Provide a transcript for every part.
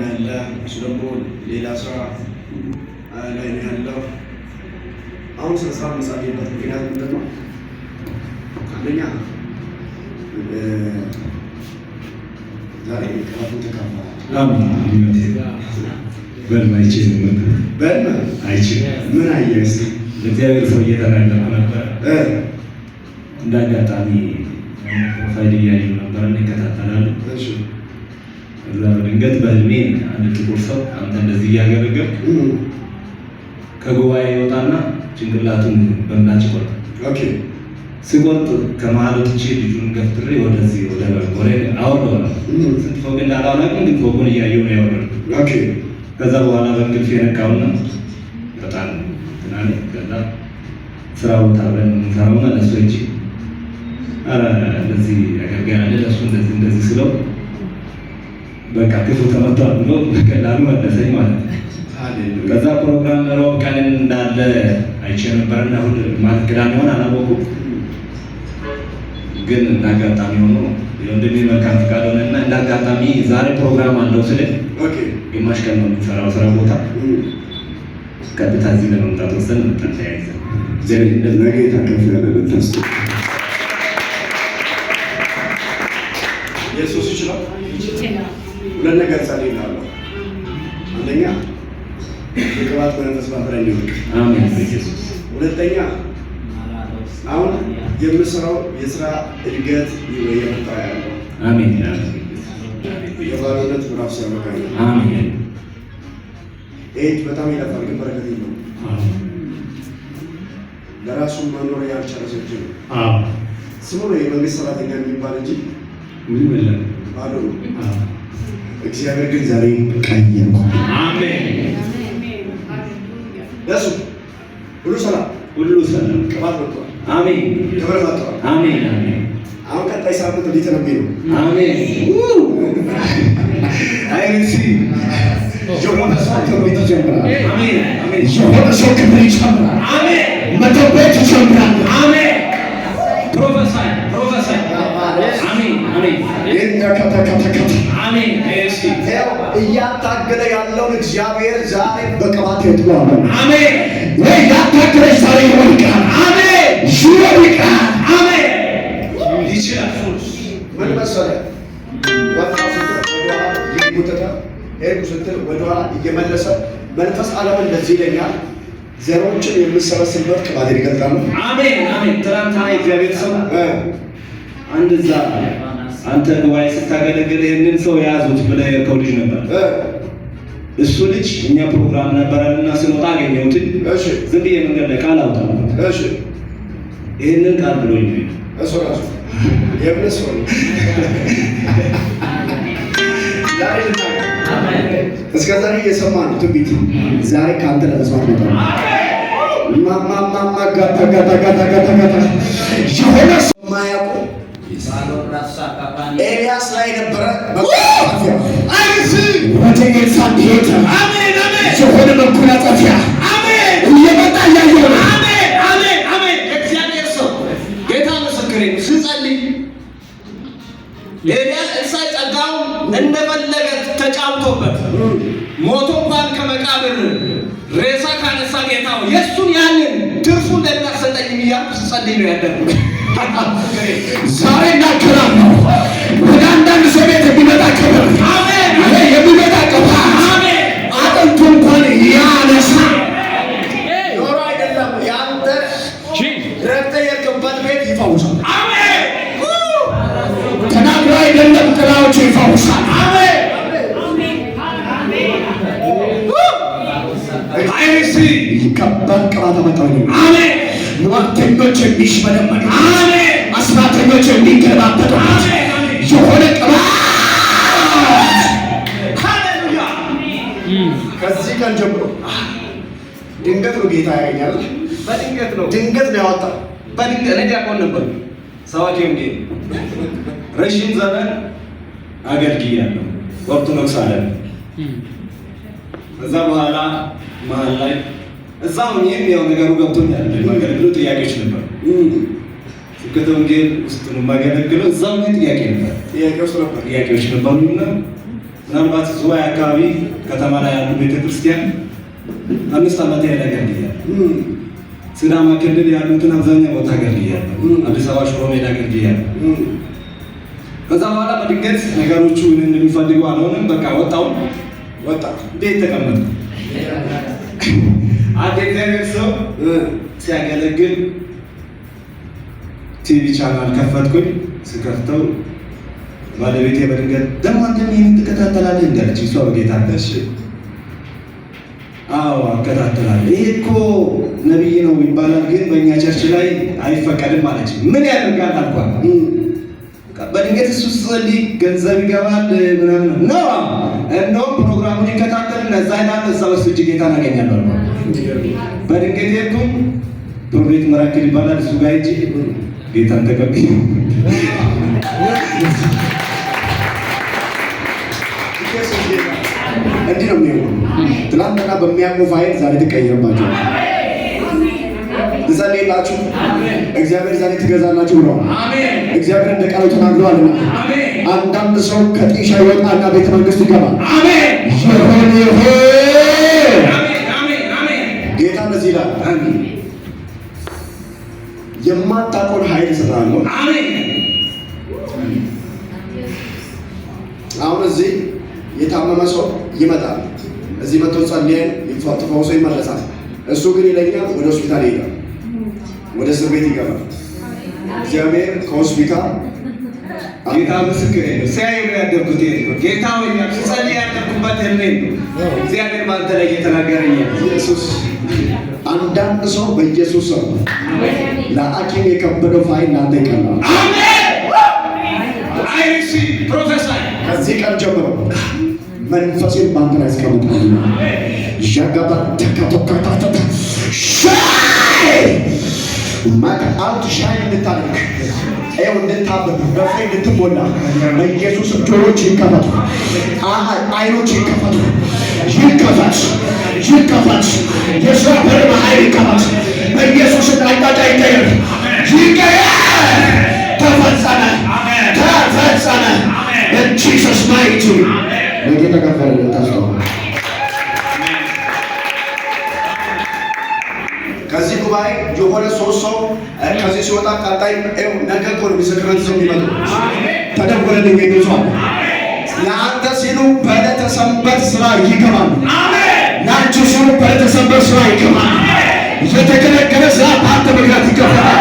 ላይ ነው ያለ፣ እሱ ደግሞ ሌላ ስራ ላይ ነው ያለው። አሁን ስለ ስራ መጻፍበት ምክንያት ምንድን ነው? አንደኛ ዛሬ ቀራቱ ተካፈላል። ምን አየስ እግዚአብሔር ሰው እየተናገረ ነበር። እንደ ፋይል እያየሁ ነበር እንከታተላለን እዛ ድንገት በህልሜ አንድ ጥቁር ሰው አንተ እንደዚህ እያገለገልክ ከጉባኤ ይወጣና ጭንቅላቱን በምላጭ ቆርጥ ሲቆርጥ ከመሀል ወጥቼ ልጁን ገፍትሬ ወደዚህ ወደ ጎሬ አወርደዋል። ስንት ፎቅ እንዳላውናቅም ግን ፎቁን እያየሁ ነው ያወረድኩት። ከዛ በኋላ በእንቅልፍ የነቃውና በጣም ትናለ ከዛ ስራ ቦታ ብለን የምንሰራውን ለሱ እጅ እንደዚህ ያገርገናለ ለሱ እንደዚህ እንደዚህ ስለው በቃ ክፉ ተመቷል ብሎ በቀላሉ መለሰኝ ማለት ነው። ከዛ ፕሮግራም ረቡዕ ቀን እንዳለ አይቼ ነበርና እሑድ ማለት ቅዳሜ ሆን አላወኩም። ግን እንዳጋጣሚ ሆኖ የወንድሜ መልካም ፍቃድ እና እንዳጋጣሚ ዛሬ ፕሮግራም አለው ስለ ግማሽ ቀን ነው የሚሰራው ስራ ቦታ ቀጥታ እዚህ ለመምጣት ወሰን መጠን ተያይዘ ነገ የታቀፍ ያለበት ተስ ኢየሱስ ይችላል ሁለት ነገር ጸልይላለሁ። አንደኛ የቅባት መንፈስ ባፈራ እንዲወድቅ፣ ሁለተኛ አሁን የምሰራው የስራ እድገት የመጣ ያለው የባለነት ምዕራፍ ሲያበቃ አሜን። በጣም ይለፋል፣ ግን በረከት የለውም። ለራሱ መኖር ያልቻለ ሰዎች ነው። ስሙ የመንግስት ሰራተኛ የሚባል እንጂ ምንም የለም ባዶ ነው። እግዚአብሔር ግን ዛሬ ቀየረ። አሜን። ለሱ ሁሉ ሰላም፣ ሁሉ ሰላም ቅባት ወጥቷል። አሜን። ክብር አሜን። አሁን ቀጣይ ሳምንት ሊተነብይ ነው። አሜን። አይሲ የሆነ ሰው ክብር ይጨምራል። አሜን። የሆነ ሰው ክብር ይጨምራል። አሜን። መጠበቅ ይጨምራል። አሜን እያታገለ ያለውን እግዚአብሔር ዛሬ በቅባት ይጥሏል። አሜን። ወይ ስትል ወደኋላ እየመለሰ መንፈስ ዓለም እንደዚህ ይለኛል። ዘሮችን የምሰበስብበት ቅባት ይገልጣሉ። አሜን አሜን። ትናንትና የእግዚአብሔር ሰው አንድ እዛ አንተ ንዋይ ስታገለግል ይህንን ሰው የያዙት ብለህ የሄድከው ልጅ ነበር። እሱ ልጅ እኛ ፕሮግራም ነበረና ስንወጣ አገኘሁትን። ዝም ብዬ መንገድ ላይ ቃል አውጣ ይህንን ቃል ብሎ እስከዛሬ ዛሬ ትንቢት ዛሬ ከአንተ ለመስማት ነው። ማማማማ ኤልያስ ላይ ነበረ ወደ ኤልሳ ሄደ። የሆነ መጎናጸፊያ እየመጣ እያየሁ አሜን ሰው ጌታ ምስክሬ ስጸልይ ኤልያስ እሳ እንደፈለገ ተጫውቶበት ሞቶ እንኳን ከመቃብር ሬሳ ካነሳ ጌታው የእሱን ያንን ትርፉ እንደናሰጠኝ እያልኩ ስጸልይ ነው ያደርጉ ዛሬ እናገራለሁ። ወደ አንዳንድ ሰው ቤት የሚመጣ ክብር የሚመጣ ቅባ አጥንቱ እንኳን ያነሳ ኖሮ አይደለም የአንተ ረግተህ የገባህበት ቤት ይፈውሳል። ተናግሮ አይደለም ጥላዎቹ ይፈውሳል። ይህ ከባድ ቅባ ተመጣ ዋርተኞች የሚሽመለመሉ አስራተኞች የሚገለባበጡ የሆነ ቅባት ከዚህ ቀን ጀምሮ ድንገት ነው ጌታ ያገኛል። በድንገት ነው ድንገት ነው ያወጣው። በድንገት ነው ዲያቆን ነበር ሰባኪ እንዴ ረዥም ዘመን አገልግያለሁ። ወቅቱ ነግሳለን። ከዛ በኋላ መሀል ላይ እዛም ይህም ያው ነገሩ ገብቶኛል። ብሎ ጥያቄዎች ነበር ስብከተ ወንጌል ውስጥ ነው ማገለግለው እዛም ግን ጥያቄ ነበር ጥያቄዎች ነበር ጥያቄዎች ነበሩ እና ምናልባት ዝዋይ አካባቢ ከተማ ላይ ያሉ ቤተክርስቲያን አምስት ዓመት ያህል አገልግያለሁ። ሲዳማ ክልል ያሉትን አብዛኛው ቦታ አገልግያለሁ። አዲስ አበባ ሽሮ ሜዳ አገልግያለሁ። ከዛ በኋላ በድንገት ነገሮቹ እንደሚፈልገው አልሆንም። በቃ ወጣው ወጣ ቤት ተቀመጠ አንድ የእግዚአብሔር ሰው ሲያገለግል ቲቪ ቻናል ከፈትኩኝ። ስከፍተው ባለቤቴ በድንገት ደግሞ አንተ ይህን ትከታተላለህ እንዳለች እሷ በጌታ ደሽ አዎ አከታተላለሁ። ይሄ እኮ ነቢይ ነው ይባላል፣ ግን በእኛ ቸርች ላይ አይፈቀድም አለች። ምን ያደርጋል አልኳት። በድንገት እሱ ስጸልይ ገንዘብ ይገባል ምናምን ነው። እንደውም ፕሮግራሙን ይከታተል እነዛ ይናል እዛ በሱ እጅ ጌታ እናገኛለሁ አልኳት። በድንገት የቱም ፕሮፌት መራክል ይባላል። እሱ ጋር ሂጅ ጌታን ተቀብዬ እንዲህ ነው የሚሆነው። ትናንትና በሚያቆፍ አይን ዛሬ ትቀየርባቸው። ትጸልይላችሁ፣ እግዚአብሔር ዛሬ ትገዛላችሁ ብለዋል። እግዚአብሔር እንደ ቃሉ ተናግረዋል። አንዳንድ ሰው ከጤሻ ይወጣና ቤተ መንግስት ይገባል። እንሆን። አሜን። አሁን እዚህ የታመመ ሰው ይመጣል። እዚህ መጥቶ ጸልየን ተፈውሶ ይመለሳል። እሱ ግን ይለኛል፣ ወደ ሆስፒታል ይሄዳል፣ ወደ እስር ቤት ይገባል። እግዚአብሔር ከሆስፒታል ጌታ ምስክሬ ነው። ሲያይ ነው ያደርኩት ነው ጌታ ሆኛ ስጸልይ ያደርኩበት ነው። እግዚአብሔር ባንተ ላይ እየተናገረኝ ኢየሱስ አንዳንድ ሰው በኢየሱስ ሰው ለአኪም የከበደው ፋይል ላንተ ይቀላል። ከዚህ ቀን ጀምሮ መንፈሴን በአንተ ላይ ያስቀምጣል። ዣጋባ ተከቶካታተታ ሻይ አንቱ ሻይ እንድታደርግ ይኸው እንድታብብ በፍሬ እንድትሞላ በኢየሱስ ጆሮች ይከፈቱ፣ አይኖች ይከፈቱ፣ ይከፈት ይከፈት፣ የስራ በር በኃይል ይከፈት፣ በኢየሱስ አቅጣጫ ይቀየር፣ ይቀየር። ተፈጸመ፣ ተፈጸመ። በጂሰስ ማይቲ የተከፈለ ታስዋ ከዚህ ጉባኤ የሆነ ሶስት ሰው ከዚህ ሲወጣ ቀጣይ ነገ እኮ ነው ምስክርን ሰው የሚመጡ ተደወለልኝ የሚል ለአንተ ሲሉ በዕለተ ሰንበት ስራ ይገባሉ። ለአንቺ ሲሉ በተሰበር ስራ ይገባል። የተከለከለ ስራ በአንተ ምክንያት ይገባል።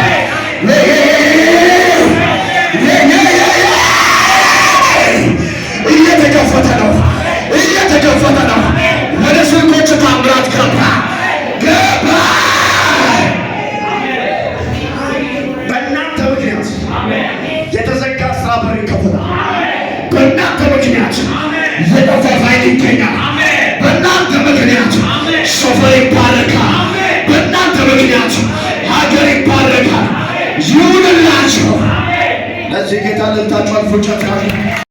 እየተከፈተ ነው፣ እየተከፈተ ነው። ወደ ስልኮች ታምራት ገባ ገባ። በእናንተ ምክንያት የተዘጋ ስራ በር ይከፈታል። በእናንተ ምክንያት የጠፋ ፋይል ይገኛል። በእናንተ ምክንያት ሾፈር ይባረካል። በእናንተ ምክንያት ሀገር ይባረካል። ይሁንላችሁ። ለዚህ ጌታ ልታችሁ አልፎ